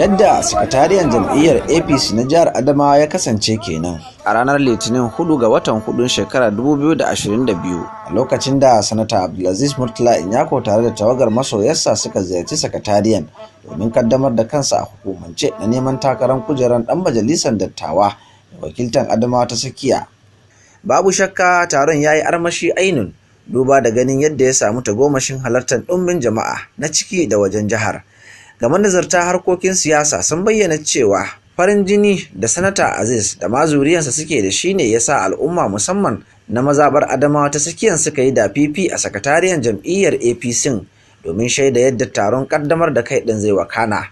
yadda sakatariyar jam'iyyar apc na jihar adamawa ya kasance kenan a ranar litinin 4 ga watan 4 shekarar 2022 a lokacin da sanata abdulaziz murtala inyako tare da tawagar masoyarsa suka ziyarci sakatariyar domin kaddamar da kansa a hukumance na neman takarar kujerar dan majalisar dattawa da wakiltar adamawa ta Sakiya. babu shakka taron ya yi armashi ainun duba da ganin yadda ya samu tagomashin halartar ɗumbin jama'a na ciki da wajen jihar ga manazarta harkokin siyasa sun bayyana cewa farin jini da sanata aziz da ma zuriyarsa suke da shi ne ya sa al'umma musamman na mazaɓar adamawa ta sakiyan suka yi da fifi a sakatariyar jam'iyyar apc domin shaida yadda taron ƙaddamar da kai ɗin zai wakana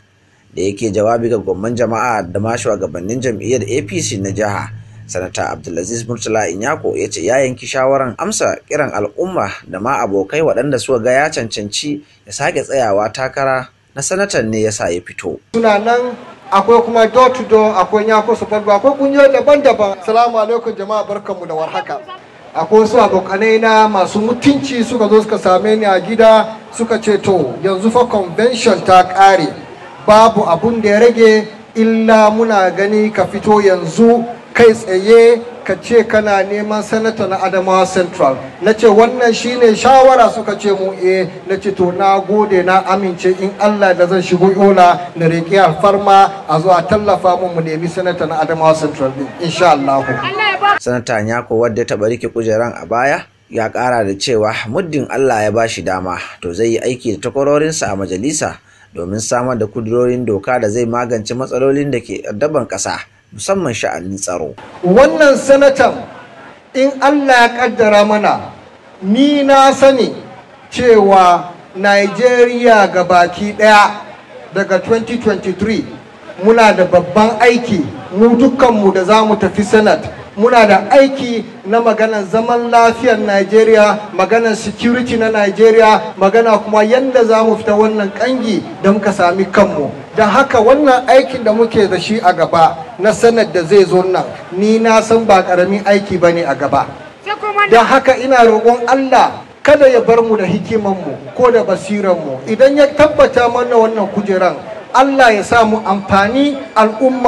da yake jawabi ga gwamman jama'a da ma shugabannin jam'iyyar apc na jiha sanata abdulaziz murtala inyako ya ce ya yanki shawaran amsa kiran al'umma da ma abokai waɗanda suka ga ya cancanci ya sake tsayawa takara na sanatan ne ya sa ya fito suna nan akwai kuma door to door akwai nyako su akwai kungiyoyi daban-daban Salamu alaikum jama'a barkanmu da warhaka akwai wasu abokanai na masu mutunci suka zo suka same ni a gida suka ce to yanzu fa convention ta ƙare babu abun da ya rage illa muna gani ka fito yanzu kai tsaye ka ce kana neman sanata na adamawa central na ce wannan shine shawara suka ce mu e eh. na ce to na gode na amince in allah da zan shigo yola na a alfarma a zuwa tallafa mu mu nemi sanata na adamawa central din insha allahu sanata nyako wadda ya taɓa rike kujeran a baya ya kara da cewa muddin allah ya bashi dama to zai yi aiki da takwarorinsa a majalisa domin samar da kudurorin doka da zai magance matsalolin da ke addaban ƙasa musamman sha'anin tsaro. Wannan sanatan in Allah ya kaddara mana ni na sani cewa Najeriya ga baki ɗaya daga 2023 muna da babban aiki mu dukkanmu da za mu tafi sanat muna da aiki na maganar zaman lafiyar Najeriya maganar security na Najeriya magana kuma yadda za mu fita wannan kangi da muka sami kanmu da haka wannan aikin da muke da shi a gaba na sanar da zai zo nan ni na san ba karamin aiki ba ne a gaba da haka ina roƙon Allah kada ya bar mu da hikimanmu ko da basiranmu idan ya tabbata mana wannan kujeran Allah ya sa mu amfani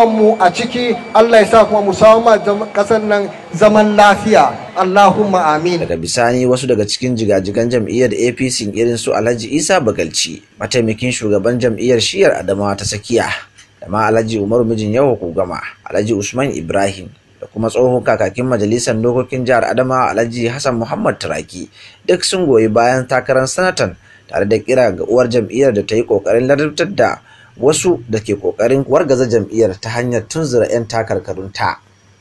mu a ciki Allah ya sa kuma mu samu kasar nan zaman lafiya Allahumma amin daga bisani wasu daga cikin jigajigan jam'iyyar APC irin su Alhaji Isa Bagalci mataimakin shugaban jam'iyyar Shiyar Adamawa ta Sakiya da ma Alhaji Umaru mijin yau gama Alhaji Usman Ibrahim da kuma tsohon kakakin majalisar dokokin jihar Adamawa alhaji hassan muhammad turaki duk sun goyi bayan takarar sanatan tare da kira ga uwar jam'iyyar da ta yi kokarin ladabtar da wasu da ke kokarin wargaza jam'iyyar ta hanyar tunzura 'yan takarkarun ta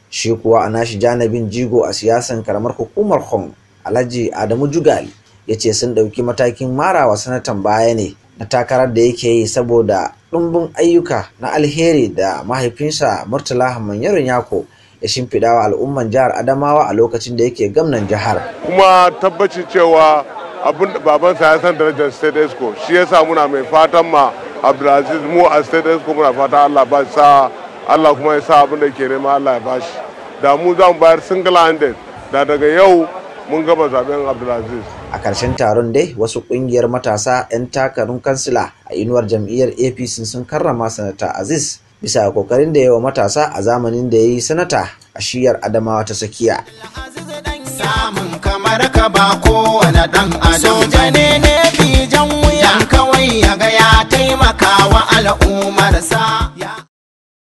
shi kuwa a nashi janabin jigo a siyasan karamar hukumar hong alhaji adamu Jugal ya ce sun ɗauki matakin marawa sanatan baya ne na takarar da yake yi saboda ɗumbin ayyuka na alheri da mahaifinsa murtala yaron yako ya shimfiɗa wa al'umman jihar adamawa a lokacin da yake gamnan jihar kuma tabbacin cewa abin babansa ya san darajar state esco shi ya sa muna mai fatan ma abdulaziz mu a state ko muna fata allah ba sa allah kuma ya sa abin da ke nema allah ya bashi da mu za mu bayar single handed da daga yau mun gama zaben abdulaziz a karshen taron dai wasu ƙungiyar matasa 'yan takarun kansila a inuwar jam'iyyar apc sun karrama sanata aziz bisa kokarin da yawa matasa a zamanin da ya yi sanata a shiyar adamawa ta tsakiya samun kamar ka ba kowane dan adam na umarsa ya